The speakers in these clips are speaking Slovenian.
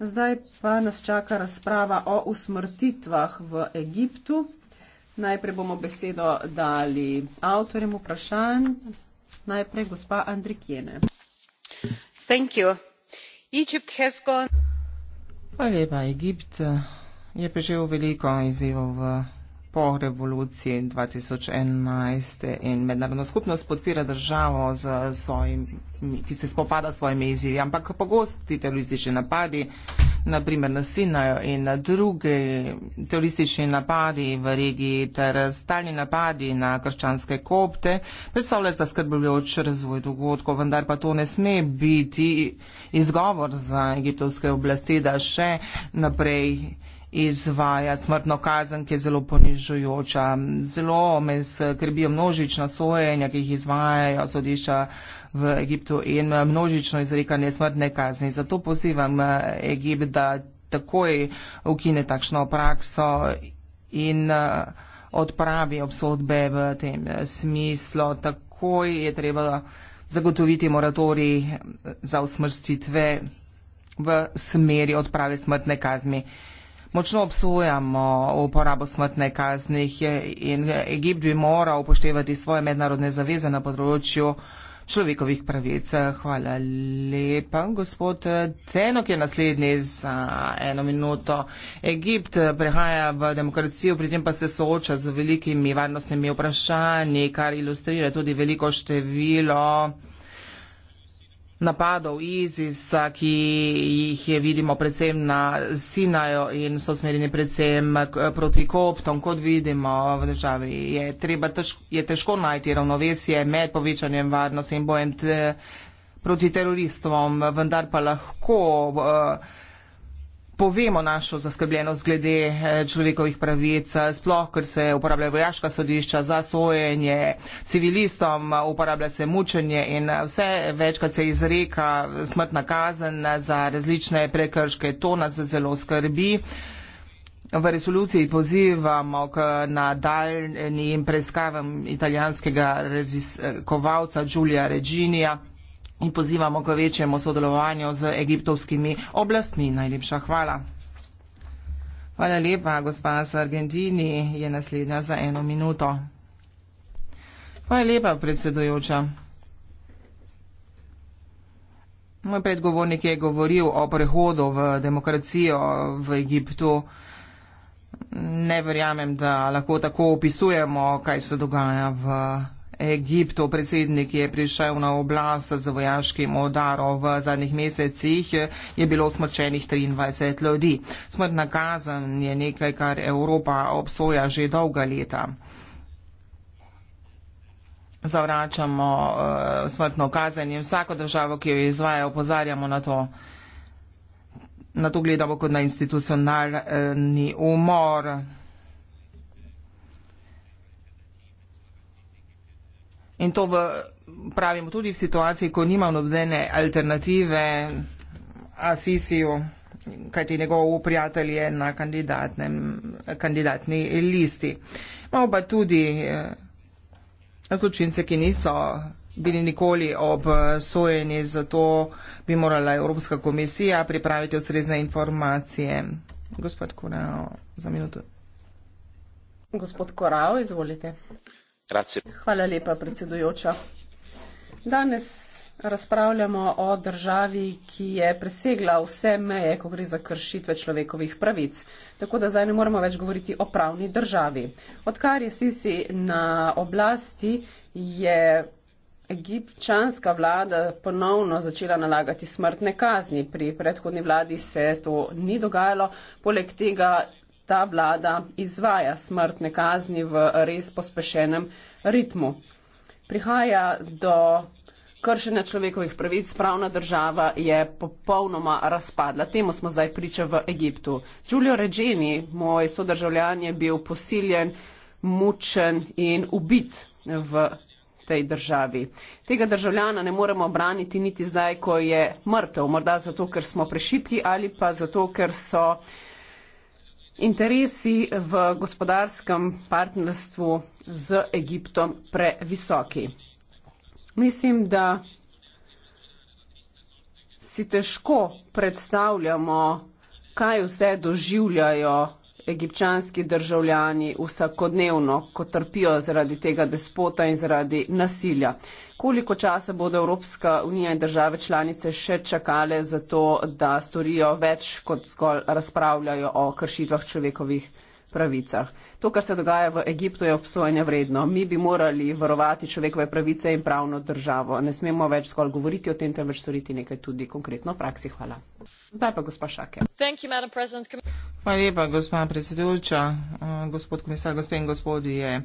Zdaj pa nas čaka razprava o usmrtitvah v Egiptu. Najprej bomo besedo dali avtorjem vprašanj. Najprej gospa Andrikjene. Thank you. Egypt has gone. Hvala lepa, Egipt eh, je prežil veliko izzivov v po revoluciji 2011 in mednarodna skupnost podpira državo, svojim, ki se spopada s svojimi izzivi, ampak pogosti teroristični napadi, naprimer na Sinajo in na druge teroristični napadi v regiji ter stalni napadi na krščanske kopte, predstavlja zaskrbljujoč razvoj dogodkov, vendar pa to ne sme biti izgovor za egiptovske oblasti, da še naprej izvaja smrtno kazen, ki je zelo ponižujoča. Zelo me skrbijo množična sojenja, ki jih izvajajo sodišča v Egiptu in množično izrekanje smrtne kazni. Zato pozivam eh, Egipt, da takoj ukine takšno prakso in eh, odpravi obsodbe v tem eh, smislu. Takoj je treba zagotoviti moratorij za usmrstitve v smeri odprave smrtne kazni. Močno obsojamo uporabo smrtne kazni in Egipt bi moral upoštevati svoje mednarodne zaveze na področju človekovih pravic. Hvala lepa, gospod Tenok je naslednji za eno minuto. Egipt prehaja v demokracijo, pri tem pa se sooča z velikimi varnostnimi vprašanji, kar ilustrira tudi veliko število napadov ISIS-a, ki jih je vidimo predvsem na Sinajo in so smerjeni predvsem proti koptom, kot vidimo v državi, je, treba, je težko najti ravnovesje med povečanjem varnosti in bojem te, proti teroristom, vendar pa lahko uh, povemo našo zaskrbljenost glede eh, človekovih pravic, eh, sploh, ker se uporabljajo vojaška sodišča za sojenje civilistom, eh, uporablja se mučenje in vse večkrat se izreka smrtna kazen za različne prekrške. To nas zelo skrbi. V resoluciji pozivamo k nadaljnim preiskavam italijanskega raziskovalca Giulia Reginija in pozivamo k večjemu sodelovanju z egiptovskimi oblastmi. Najlepša hvala. Hvala lepa, gospa z Argentini je naslednja za eno minuto. Hvala lepa, predsedujoča. Moj predgovornik je govoril o prehodu v demokracijo v Egiptu. Ne verjamem, da lahko tako opisujemo, kaj se dogaja v Egiptu. Egiptov predsednik je prišel na oblast z vojaškim odarom. V zadnjih mesecih je bilo smrčenih 23 ljudi. Smrtna kazen je nekaj, kar Evropa obsoja že dolga leta. Zavračamo uh, smrtno kazen in vsako državo, ki jo izvaja, opozarjamo na to. Na to gledamo kot na institucionalni umor. In to v, pravimo tudi v situaciji, ko nima nobene alternative Asisiju, kajti njegov prijatelj je na kandidatni listi. Imamo pa tudi eh, zločince, ki niso bili nikoli obsojeni, zato bi morala Evropska komisija pripraviti ustrezne informacije. Gospod Korao, za minuto. Gospod Korao, izvolite hvala lepa predsedujoča danes razpravljamo o državi ki je presegla vse meje ko gre za kršitve človekovih pravic tako da zdaj ne moremo več govoriti o pravni državi odkar je sisi na oblasti je Egipčanska vlada ponovno začela nalagati smrtne kazni. Pri predhodni vladi se to ni dogajalo. Poleg tega ta vlada izvaja smrtne kazni v res pospešenem ritmu. Prihaja do kršene človekovih pravic, pravna država je popolnoma razpadla. Temu smo zdaj priča v Egiptu. Giulio Regeni, moj sodržavljan, je bil posiljen, mučen in ubit v tej državi. Tega državljana ne moremo braniti niti zdaj, ko je mrtev. Morda zato, ker smo prešipki ali pa zato, ker so interesi v gospodarskem partnerstvu z Egiptom previsoki. Mislim, da si težko predstavljamo, kaj vse doživljajo egipčanski državljani vsakodnevno, ko trpijo zaradi tega despota in zaradi nasilja. Koliko časa bodo Evropska unija in države članice še čakale za to, da storijo več, kot zgolj razpravljajo o kršitvah človekovih pravicah. To, kar se dogaja v Egiptu, je obsojanje vredno. Mi bi morali varovati človekove pravice in pravno državo. Ne smemo več skolj govoriti o tem, temveč storiti nekaj tudi konkretno v praksi. Hvala. Zdaj pa gospa Šake. Hvala lepa, gospa predsedujoča, eh, gospod komisar, gospe in gospodje.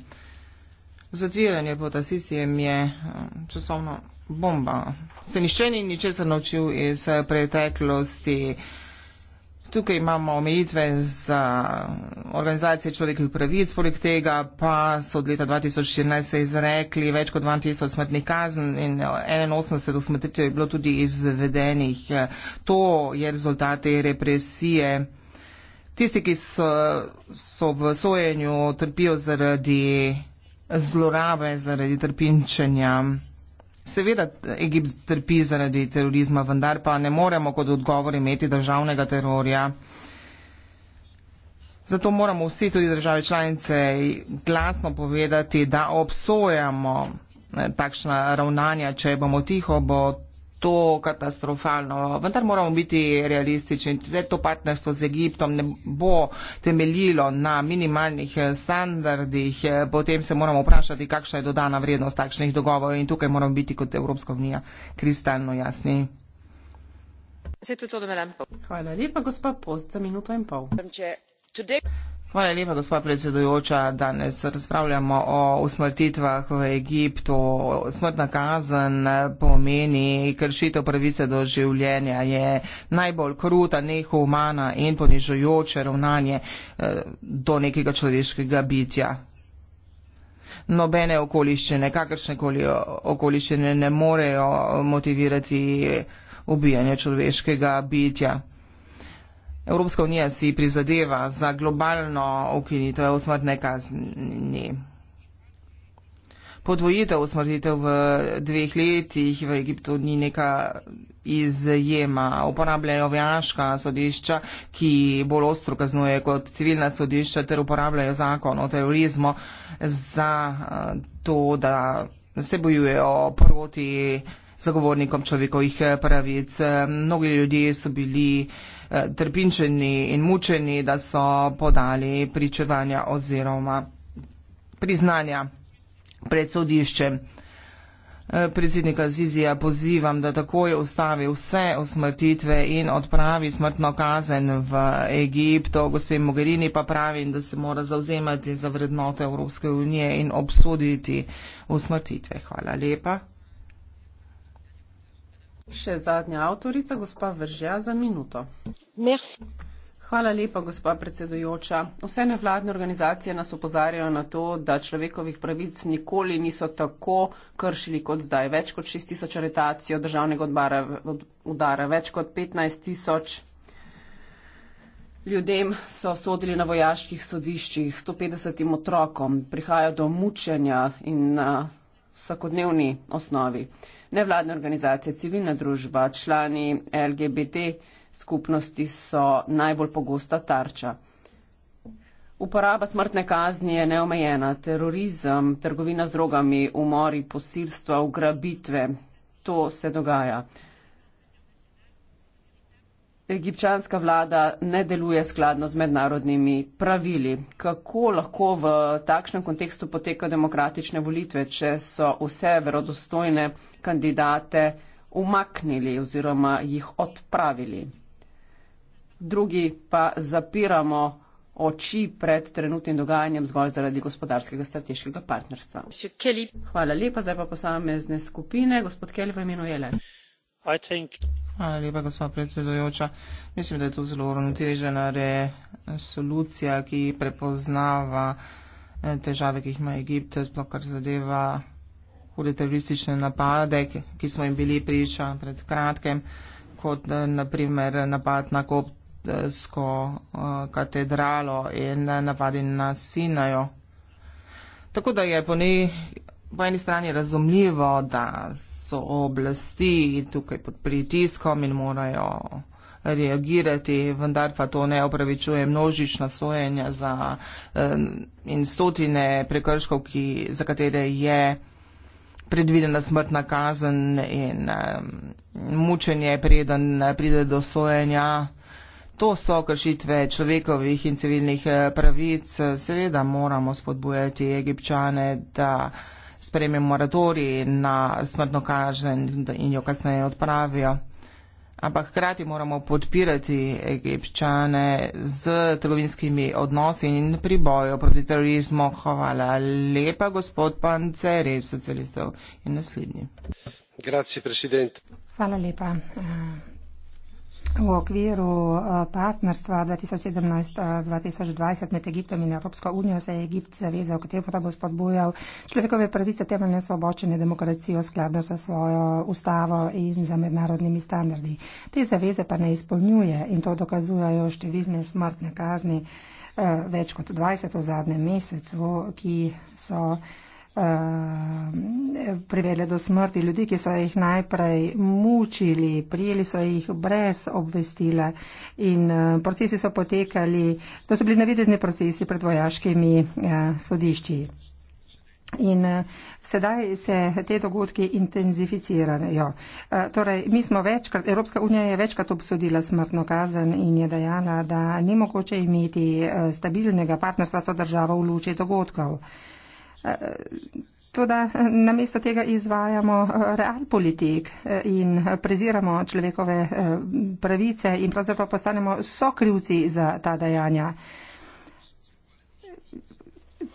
Zatviranje pod Asisijem je eh, časovna bomba. Se nišče ni ničesar naučil iz eh, preteklosti. Tukaj imamo omejitve za organizacije človekovih pravic, poleg tega pa so od leta 2014 izrekli več kot 2000 smrtnih kazn in 81 usmrtitev je bilo tudi izvedenih. To je rezultat te represije. Tisti, ki so, so v sojenju, trpijo zaradi zlorabe, zaradi trpinčenja. Seveda Egipt trpi zaradi terorizma, vendar pa ne moremo kot odgovor imeti državnega terorja. Zato moramo vsi tudi države članice glasno povedati, da obsojamo eh, takšna ravnanja, če bomo tiho, bo to katastrofalno. Vendar moramo biti realistični. Tudi to partnerstvo z Egiptom ne bo temeljilo na minimalnih standardih. Potem se moramo vprašati, kakšna je dodana vrednost takšnih dogovorov in tukaj moramo biti kot Evropska unija kristalno jasni. Hvala lepa, gospa Post, za minuto in pol. Hvala lepa, gospa predsedujoča. Danes razpravljamo o usmrtitvah v Egiptu. Smrtna kazen pomeni kršitev pravice do življenja. Je najbolj kruta, nehumana in ponižujoče ravnanje eh, do nekega človeškega bitja. Nobene okoliščine, kakršne koli okoliščine ne morejo motivirati ubijanje človeškega bitja. Evropska unija si prizadeva za globalno ukinitev smrtne kazni. Podvojitev usmrtitev v dveh letih v Egiptu ni neka izjema. Uporabljajo vojaška sodišča, ki bolj ostro kaznuje kot civilna sodišča, ter uporabljajo zakon o terorizmu za eh, to, da se bojujejo proti uh, zagovornikom človekovih eh, pravic. Eh, mnogi ljudje so bili eh, trpinčeni in mučeni, da so podali pričevanja oziroma priznanja pred sodiščem. Predsednika Zizija pozivam, da takoj ustavi vse usmrtitve in odpravi smrtno kazen v Egipto. Gospe Mogherini pa pravim, da se mora zauzemati za vrednote Evropske unije in obsoditi usmrtitve. Hvala lepa. Še zadnja avtorica, gospa Vržja, za minuto. Merci. Hvala lepa, gospa predsedujoča. Vse nevladne organizacije nas opozarjajo na to, da človekovih pravic nikoli niso tako kršili kot zdaj. Več kot 6000 aretacij od državnega odbara, od, udara, več kot 15000 ljudem so sodili na vojaških sodiščih, 150 otrokom, prihajajo do mučenja in na vsakodnevni osnovi nevladne organizacije, civilna družba, člani LGBT skupnosti so najbolj pogosta tarča. Uporaba smrtne kazni je neomejena, terorizem, trgovina z drogami, umori, posilstva, ugrabitve. To se dogaja egipčanska vlada ne deluje skladno z mednarodnimi pravili. Kako lahko v takšnem kontekstu poteka demokratične volitve, če so vse verodostojne kandidate umaknili oziroma jih odpravili? Drugi pa zapiramo oči pred trenutnim dogajanjem zgolj zaradi gospodarskega strateškega partnerstva. Hvala lepa, zdaj pa posamezne skupine. Gospod Kelly v imenu je Les. Hvala lepa, gospod predsedujoča. Mislim, da je to zelo uravnotežena resolucija, ki prepoznava eh, težave, ki jih ima Egipt, sploh kar zadeva hude teroristične napade, ki smo jim bili priča pred kratkem, kot eh, naprimer napad na koptsko eh, katedralo in napadi na Sinajo. Tako da je po njih po eni strani razumljivo, da so oblasti tukaj pod pritiskom in morajo reagirati, vendar pa to ne opravičuje množična sojenja za in stotine prekrškov, ki, za katere je predvidena smrtna kazen in mučenje, preden pride do sojenja. To so kršitve človekovih in civilnih eh, pravic. Seveda moramo spodbujati egipčane, da uh, sprejme moratori na smrtno kažen in jo kasneje odpravijo. Ampak hkrati moramo podpirati egipčane z trgovinskimi odnosi in pri boju proti terorizmu. Hvala lepa, gospod Panceri, socialistov in naslednji. Hvala lepa. Eh, v okviru eh, partnerstva 2017-2020 eh, med Egiptom in Evropsko unijo se je Egipt zavezal k temu, da bo spodbojal človekove pravice, temeljne svoboščine, demokracijo skladno sa svojo ustavo in za mednarodnimi standardi. Te zaveze pa ne izpolnjuje in to dokazujejo številne smrtne kazni eh, več kot 20 v zadnjem mesecu, ki so Eh, privedle do smrti ljudi, ki so jih najprej mučili, prijeli so jih brez obvestila in eh, procesi so potekali, to so bili navidezni procesi pred vojaškimi eh, sodišči. In sedaj se te dogodki intenzificirajo. Torej, mi smo večkrat, Evropska unija je večkrat obsodila smrtno kazen in je dejala, da ni mogoče imeti stabilnega partnerstva s to državo v luči dogodkov. Toda namesto tega izvajamo eh, realpolitik eh, in preziramo človekove eh, pravice in pravzaprav postanemo sokrivci za ta dejanja.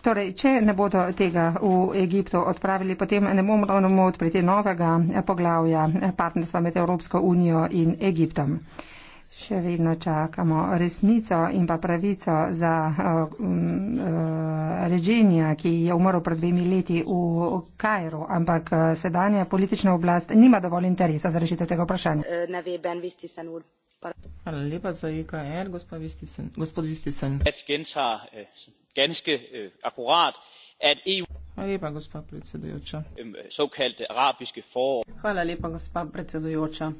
Torej, če ne bodo tega v Egiptu odpravili, potem ne bomo odpreti novega poglavja partnerstva med Evropsko unijo in Egiptom. Še vedno čakamo resnico in pa pravico za uh, eh, uh, um, eh, Reženija, ki je umrl pred dvemi leti v Kajru, ampak eh, sedanja politična oblast nima dovolj interesa za rešitev tega vprašanja. Hvala lepa za IKR, gospod Vistisen. E Hvala lepa, gospod predsedujoča. Hvala lepa, gospod predsedujoča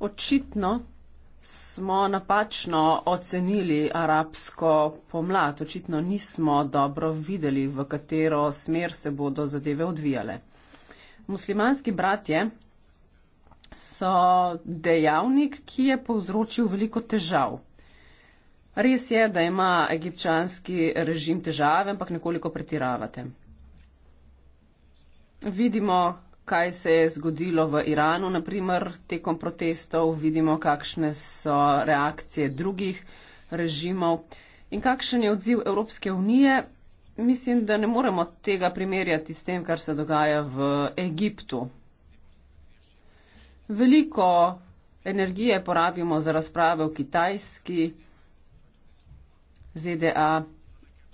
očitno smo napačno ocenili arabsko pomlad, očitno nismo dobro videli, v katero smer se bodo zadeve odvijale. Muslimanski bratje so dejavnik, ki je povzročil veliko težav. Res je, da ima egipčanski režim težave, ampak nekoliko pretiravate. Vidimo, kaj se je zgodilo v Iranu, naprimer tekom protestov, vidimo, kakšne so reakcije drugih režimov in kakšen je odziv Evropske unije. Mislim, da ne moremo tega primerjati s tem, kar se dogaja v Egiptu. Veliko energije porabimo za razprave v Kitajski, ZDA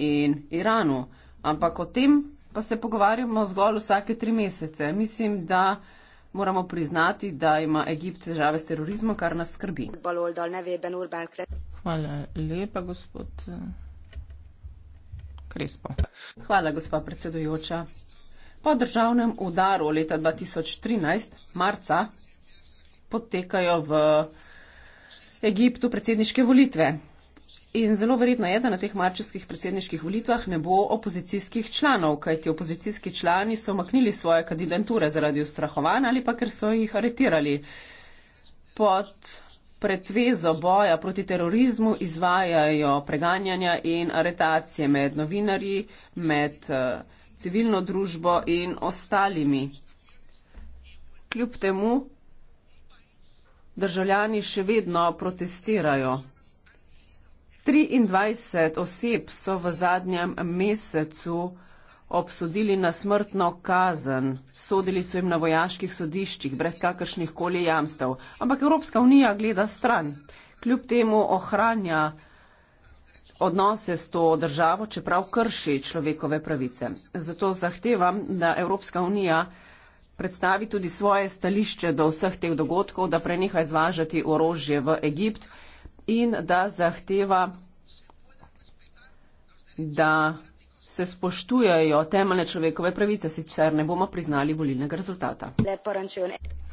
in Iranu, ampak o tem pa se pogovarjamo zgolj vsake tri mesece. Mislim, da moramo priznati, da ima Egipt težave s terorizmom, kar nas skrbi. Hvala lepa, gospod eh, Krespo. Hvala, gospa predsedujoča. Po državnem udaru leta 2013, marca, potekajo v Egiptu predsedniške volitve. In zelo verjetno je, da na teh marčevskih predsedniških volitvah ne bo opozicijskih članov, kajti opozicijski člani so omaknili svoje kandidature zaradi ustrahovanja ali pa ker so jih aretirali. Pod pretvezo boja proti terorizmu izvajajo preganjanja in aretacije med novinarji, med eh, civilno družbo in ostalimi. Kljub temu državljani še vedno protestirajo. 23 oseb so v zadnjem mesecu obsodili na smrtno kazen, sodili so jim na vojaških sodiščih brez kakršnih koli jamstev. Ampak Evropska unija gleda stran, kljub temu ohranja odnose s to državo, čeprav krši človekove pravice. Zato zahtevam, da Evropska unija predstavi tudi svoje stališče do vseh teh dogodkov, da preneha izvažati orožje v Egipt in da zahteva, da se spoštujajo temeljne človekove pravice, sicer ne bomo priznali volilnega rezultata.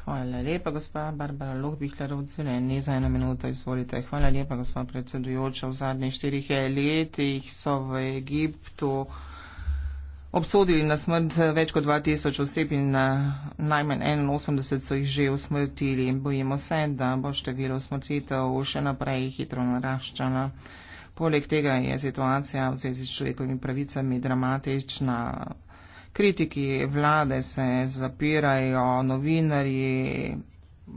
Hvala lepa, gospa Barbara Lohbihler od Zelenje. Za eno minuto izvolite. Hvala lepa, gospa predsedujoča. V zadnjih štirih letih so v Egiptu uh, obsodili na smrt eh, več kot 2000 oseb in na najmanj 81 so jih že usmrtili. Bojimo se, da bo število usmrtitev še naprej hitro naraščala. Poleg tega je situacija v zvezi s človekovimi pravicami dramatična. Kritiki vlade se zapirajo, novinari,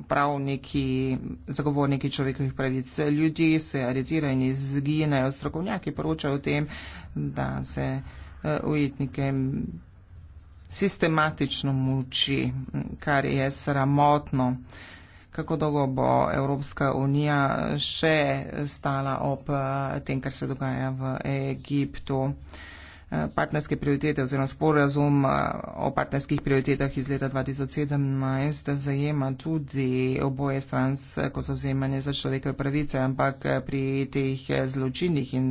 pravniki, zagovorniki človekovih pravic, ljudi se aretirajo in izginejo. Strokovnjaki poročajo o tem, da se. Eh, ujetnikem sistematično muči, kar je sramotno. Kako dolgo bo Evropska unija še stala ob eh, tem, kar se dogaja v Egiptu? Eh, partnerske prioritete oziroma sporazum o partnerskih prioritetah iz leta 2017 zajema tudi oboje strans, ko so vzemanje za človekove pravice, ampak pri teh zločinih in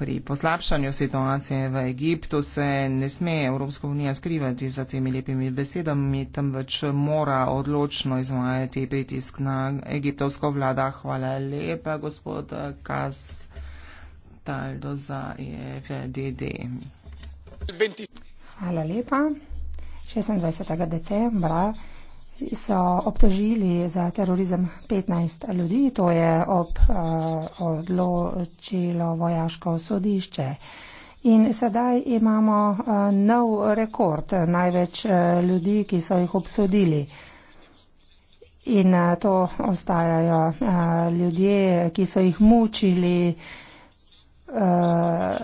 pri poslabšanju situacije v Egiptu se ne sme Evropska unija skrivati za temi lepimi besedami, temveč mora odločno izvajati pritisk na egiptovsko vlada. Hvala lepa, gospod Kas Taldo za EFDD. Hvala lepa. 26. decembra so obtožili za terorizem 15 ljudi, to je ob, uh, odločilo vojaško sodišče. In sedaj imamo uh, nov rekord, največ uh, ljudi, ki so jih obsodili. In uh, to ostajajo uh, ljudje, ki so jih mučili. Uh,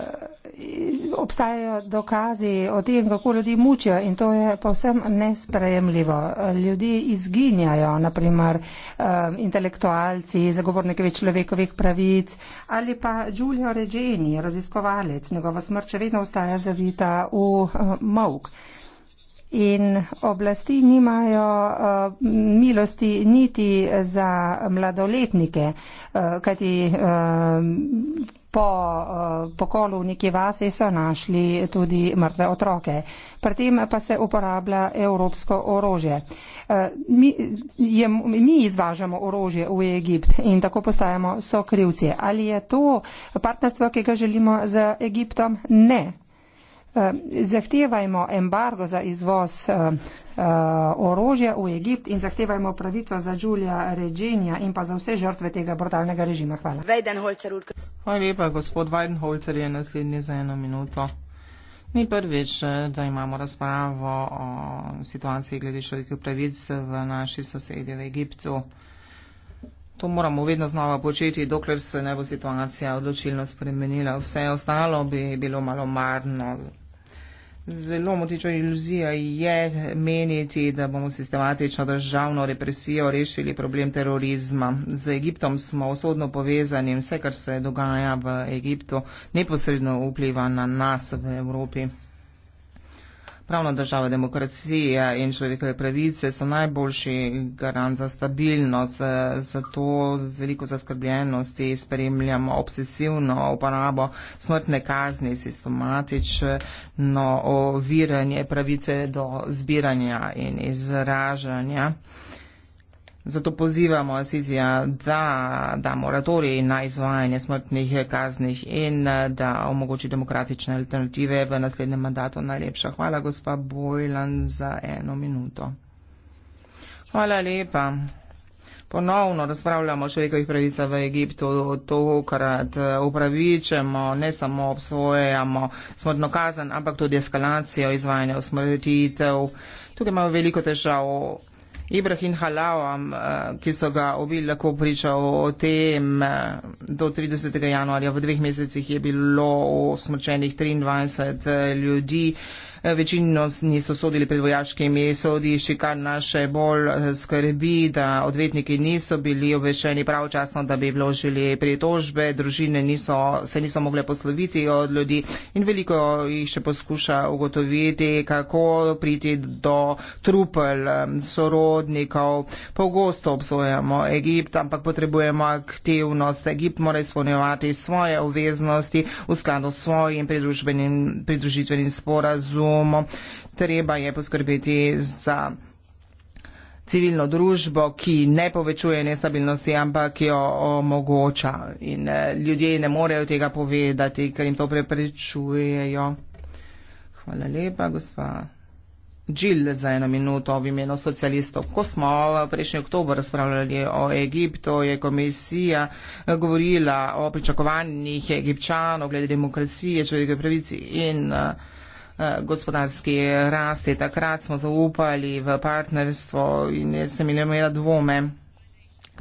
obstajajo dokazi o tem, kako ljudi mučijo in to je povsem nesprejemljivo. Ljudi izginjajo, naprimer um, intelektualci, zagovorniki človekovih pravic ali pa Giulio Regeni, raziskovalec, njegova smrt še vedno ostaja zavita v uh, mok. In oblasti nimajo uh, milosti niti za mladoletnike, uh, kajti uh, po eh, pokolu neke vase so našli tudi mrtve otroke. Pri tem pa se uporablja evropsko orožje. Eh, mi, je, mi izvažamo orožje v Egipt in tako postajamo sokrivci. Ali je to partnerstvo, ki ga želimo z Egiptom? Ne. Eh, zahtevajmo embargo za izvoz eh, eh, orožja v Egipt in zahtevajmo pravico za Đulja Ređenja in pa za vse žrtve tega brutalnega režima. Hvala. Hvala lepa, gospod Weidenholzer je naslednji za eno minuto. Ni prvič, da imamo razpravo o situaciji glede človekovih pravic v naši sosedi v Egiptu. To moramo vedno znova početi, dokler se ne bo situacija odločilno spremenila. Vse ostalo bi bilo malo marno. Zelo motiča iluzija je meniti, da bomo sistematično državno represijo rešili problem terorizma. Z Egiptom smo osodno povezani in vse, kar se dogaja v Egiptu, neposredno vpliva na nas v Evropi pravna država, demokracija in človekove pravice so najboljši garant za stabilnost. Zato z veliko zaskrbljenosti spremljamo obsesivno uporabo smrtne kazni, sistematično oviranje pravice do zbiranja in izražanja. Zato pozivamo Asizija, da da moratorij na izvajanje smrtnih kazni in eh, da omogoči demokratične alternative v naslednjem mandatu. Najlepša hvala, gospa Bojlan, za eno minuto. Hvala lepa. Ponovno razpravljamo o človekovih pravicah v Egiptu, tokrat eh, upravičemo, ne samo obsojamo smrtno kazen, ampak tudi eskalacijo izvajanja usmrtitev. Tukaj imamo veliko težav. Ibrahim Halawam, eh, ki so ga ubili, lahko priča o tem, eh, do 30. januarja v dveh mesecih je bilo usmrčenih 23 eh, ljudi. Večinno niso sodili pred vojaškimi sodišči, kar nas še bolj skrbi, da odvetniki niso bili obveščeni pravčasno, da bi vložili pritožbe, družine niso, se niso mogle posloviti od ljudi in veliko jih še poskuša ugotoviti, kako priti do trupel um, sorodnikov. Pogosto obsojamo Egipt, ampak potrebujemo aktivnost. Egipt mora izpolnjevati svoje obveznosti v skladu s svojim pridružbenim sporazumom domu. Treba je poskrbeti za civilno družbo, ki ne povečuje nestabilnosti, ampak jo omogoča. In eh, ljudje ne morejo tega povedati, ker jim to preprečujejo. Hvala lepa, gospa. Džil za eno minuto v imenu socialistov. Ko smo prejšnji oktober razpravljali o Egiptu, je komisija eh, govorila o pričakovanjih egipčanov glede demokracije, človekove pravici in uh, Eh, gospodarski rasti. Takrat smo zaupali v partnerstvo in sem imela dvome.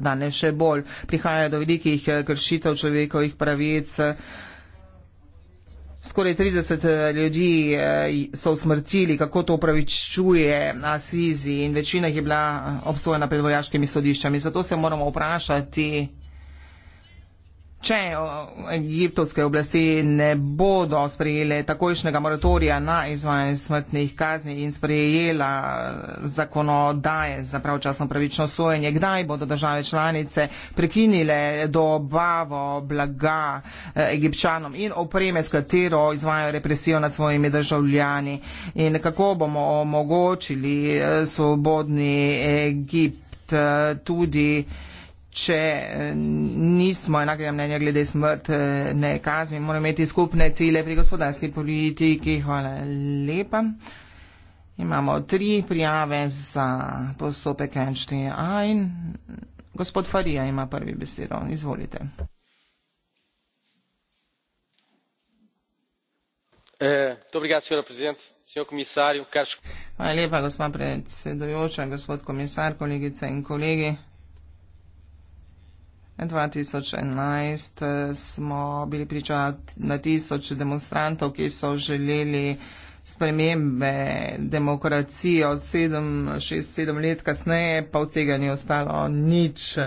Danes še bolj prihaja do velikih eh, kršitev človekovih pravic. Skoraj 30 eh, ljudi so usmrtili, kako to upravičuje Asizi in večina jih je bila obsojena pred vojaškimi sodiščami. Zato se moramo vprašati, Če egiptovske oblasti ne bodo sprejele takojšnjega moratorija na izvajanje smrtnih kazni in sprejela zakonodaje za pravčasno pravično sojenje, kdaj bodo države članice prekinile dobavo blaga e, egipčanom in opreme, s katero izvajajo represijo nad svojimi državljani in kako bomo omogočili e, svobodni Egipt e, tudi če eh, nismo enakega mnenja glede smrt, eh, ne kazni, moramo imeti skupne cele pri gospodarski politiki. Hvala lepa. Imamo tri prijave za postopek NCA in gospod Farija ima prvi besedo. Izvolite. Eh, Hvala lepa, gospod predsedujoča, gospod komisar, kolegice in kolegi. 2011 eh, smo bili pričati na tisoč demonstrantov, ki so želeli spremembe demokracije od 7, 6, 7 let kasneje, pa od tega ni ostalo nič.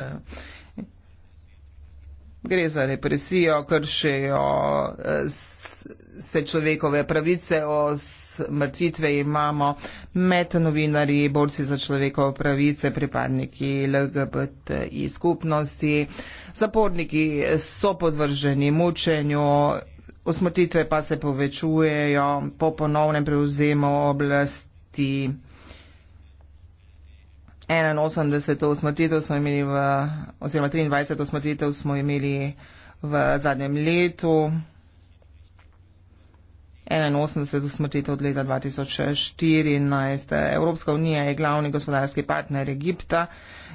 Gre za represijo, kršijo eh, se človekove pravice, o smrtitve imamo med novinarji, borci za človekove pravice, pripadniki LGBTI skupnosti. Zaporniki so podvrženi mučenju, usmrtitve pa se povečujejo po ponovnem prevzemu oblasti. 81 usmrtitev smo imeli v, oziroma 23 usmrtitev smo imeli v zadnjem letu. 81 usmrtitev od leta 2014. Evropska unija je glavni gospodarski partner Egipta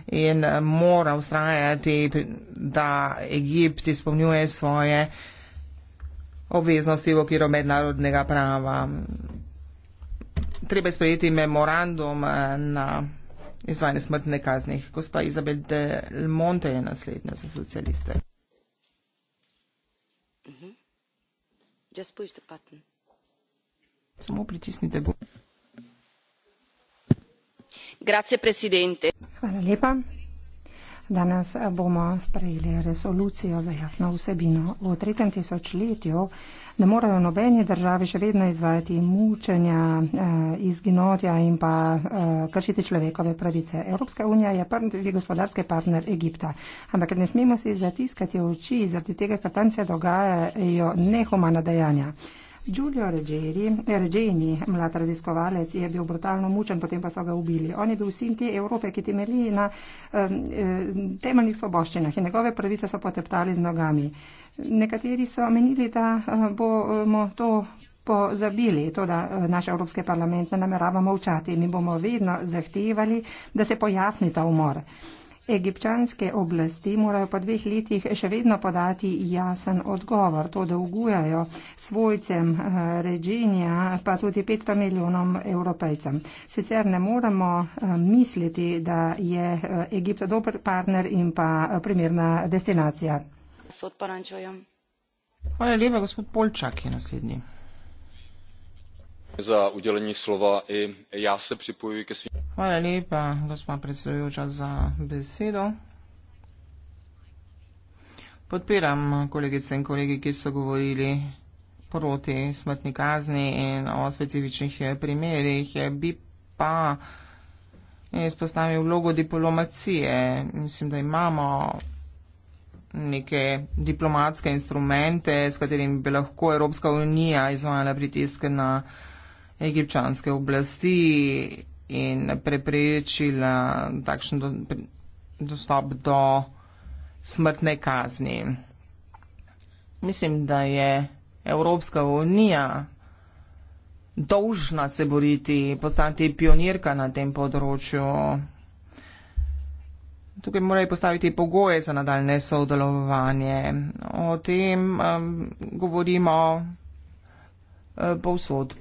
in mora ustrajati, da Egipt izpolnjuje svoje obveznosti v okviru mednarodnega prava. Treba je sprejeti memorandum eh, na izvajanje smrtne kazni. Gospa Izabel de Monte je naslednja za socialiste. Mhm. Samo pritisnite gumb. Hvala lepa. Danes bomo sprejeli rezolucijo za jasno vsebino. V tretjem tisočletju ne morejo nobeni državi še vedno izvajati mučenja, eh, izginotja in pa eh, kršiti človekove pravice. Evropska unija je prvi gospodarski partner Egipta. Ampak ne smemo si zatiskati oči, zaradi tega, ker tam se dogajajo nehumana dejanja. Giulio Regeri, eh, Regeni, mlad raziskovalec, je bil brutalno mučen, potem pa so ga ubili. On je bil sin te Evrope, ki temelji na eh, eh temeljnih svoboščinah in njegove pravice so poteptali z nogami. Nekateri so menili, da eh, bomo to pozabili, to, da eh, naš Evropski parlament ne namerava molčati. Mi bomo vedno zahtevali, da se pojasni ta umor. Egipčanske oblasti morajo po dveh letih še vedno podati jasen odgovor. To dolgujajo svojcem eh, Reginja, pa tudi 500 milijonom evropejcem. Sicer ne moremo eh, misliti, da je eh, Egipt dober partner in pa primerna destinacija. Hvala lepa, gospod Polčak je naslednji. Za udeljenje slova. Jaz se pripojujem k svim. Hvala lepa, gospa predsedujoča, za besedo. Podpiram kolegice in kolegi, ki so govorili proti smrtni kazni in o specifičnih eh, primerih. Eh, bi pa eh, izpostavil vlogo diplomacije. Mislim, da imamo neke diplomatske instrumente, s katerimi bi lahko Evropska unija izvajala pritisk na egipčanske oblasti in preprečila takšen do, pre, dostop do smrtne kazni. Mislim, da je Evropska unija dolžna se boriti, postati pionirka na tem področju. Tukaj morajo postaviti pogoje za nadaljne sodelovanje. O tem um, govorimo Eh, povsod,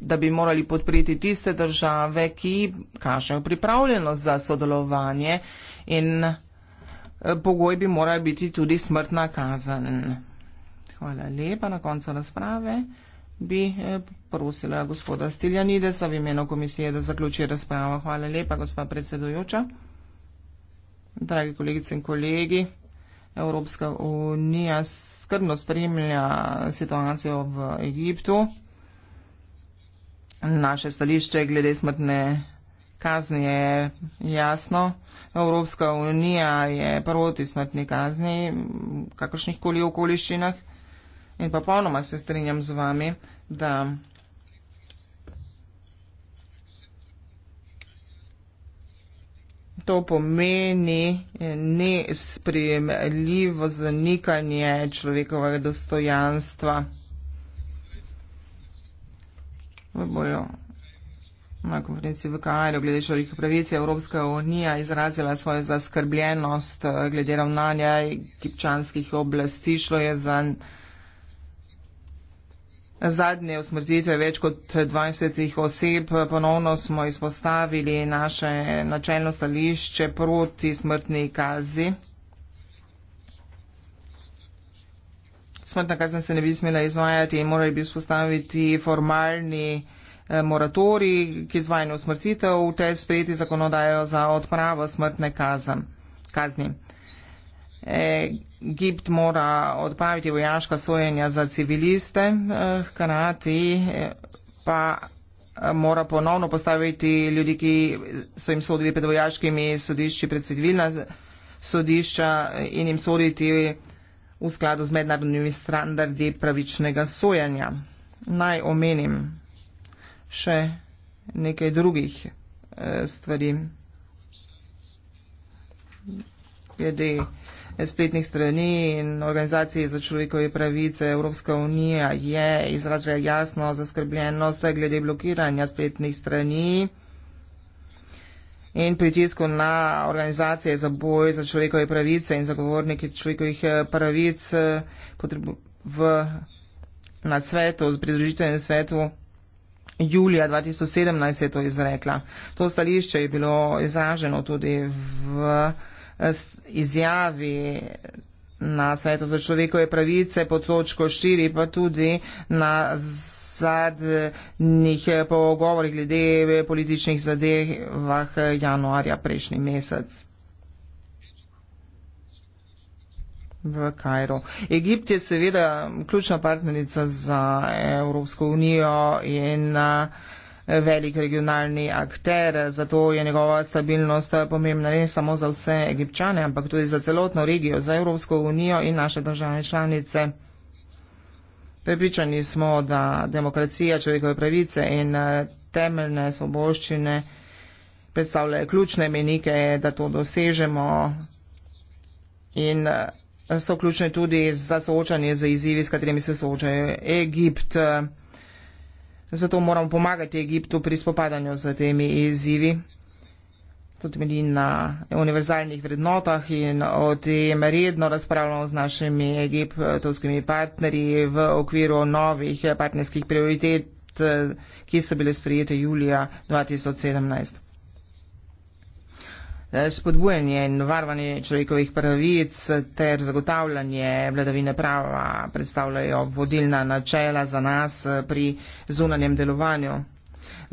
da bi morali podpreti tiste države, ki kažejo pripravljenost za sodelovanje in eh, pogoj bi morala biti tudi smrtna kazen. Hvala lepa. Na koncu razprave bi eh, prosila gospoda Stiljanidesa v imenu komisije, da zaključi razpravo. Hvala lepa, gospa predsedujoča. Dragi kolegice in kolegi. Evropska unija skrbno spremlja situacijo v Egiptu. Naše stališče glede smrtne kazni je jasno. Evropska unija je proti smrtni kazni v kakršnih koli okoliščinah. In pa ponoma se strinjam z vami, da To pomeni eh, nesprejemljivo zanikanje človekovega dostojanstva. Bojo na konferenci v Kajru glede človekovih pravic Evropska unija izrazila svojo zaskrbljenost eh, glede ravnanja egipčanskih oblasti. Šlo je za Zadnje usmrtitve več kot 20 oseb ponovno smo izpostavili naše načelno stališče proti smrtni kazi. Smrtna kazen se ne bi smela izvajati in morali bi vzpostaviti formalni eh, moratori, ki izvajanje usmrtitev, te sprejeti zakonodajo za odpravo smrtne kazen. kazni. Egipt mora odpraviti vojaška sojenja za civiliste, hkrati eh, eh, pa eh, mora ponovno postaviti ljudi, ki so jim sodili pred vojaškimi sodišči, pred civilna sodišča in jim soditi v skladu z mednarodnimi standardi pravičnega sojenja. Naj omenim še nekaj drugih stvari. Glede spletnih strani in organizacij za človekove pravice Evropska unija je izražala jasno zaskrbljenost glede blokiranja spletnih strani in pritisku na organizacije za boj za človekove pravice in zagovornike človekovih eh, pravic eh, v, na svetu, z pridružitvenem svetu. Julija 2017 je to izrekla. To stališče je bilo izraženo tudi v izjavi na svetu za človekove pravice pod točko 4, pa tudi na zadnjih pogovorih glede političnih zadev januarja prejšnji mesec. v Kajru. Egipt je seveda ključna partnerica za Evropsko unijo in uh, velik regionalni akter, zato je njegova stabilnost pomembna ne samo za vse egipčane, ampak tudi za celotno regijo, za Evropsko unijo in naše države članice. Prepričani smo, da demokracija, človekove pravice in eh, temeljne svoboščine predstavljajo ključne menike, da to dosežemo in eh, so ključne tudi za soočanje z izzivi, s katerimi se soočajo Egipt. Zato moramo pomagati Egiptu pri spopadanju z temi izzivi. To temelji na univerzalnih vrednotah in o tem redno razpravljamo z našimi egiptovskimi partnerji v okviru novih partnerskih prioritet, eh, ki so bile sprejete julija 2017. Eh, spodbujanje in varovanje človekovih pravic ter zagotavljanje vladavine prava predstavljajo vodilna načela za nas eh, pri zunanjem delovanju.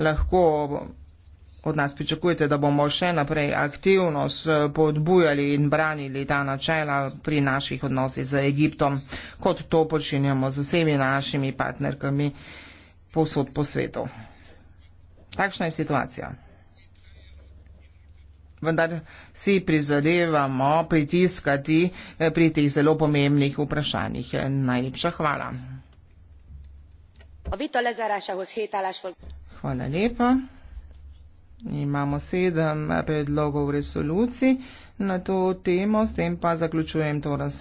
Lahko od nas pričakujete, da bomo še naprej aktivno spodbujali in branili ta načela pri naših odnosih z Egiptom, kot to počinjamo z vsemi našimi partnerkami posod po svetu. Takšna je situacija vendar si prizadevamo pritiskati eh, pri teh zelo pomembnih vprašanjih. Najlepša hvala. Hvala lepa. Imamo sedem eh, predlogov resoluciji na to temo, s tem pa zaključujem to razpravo.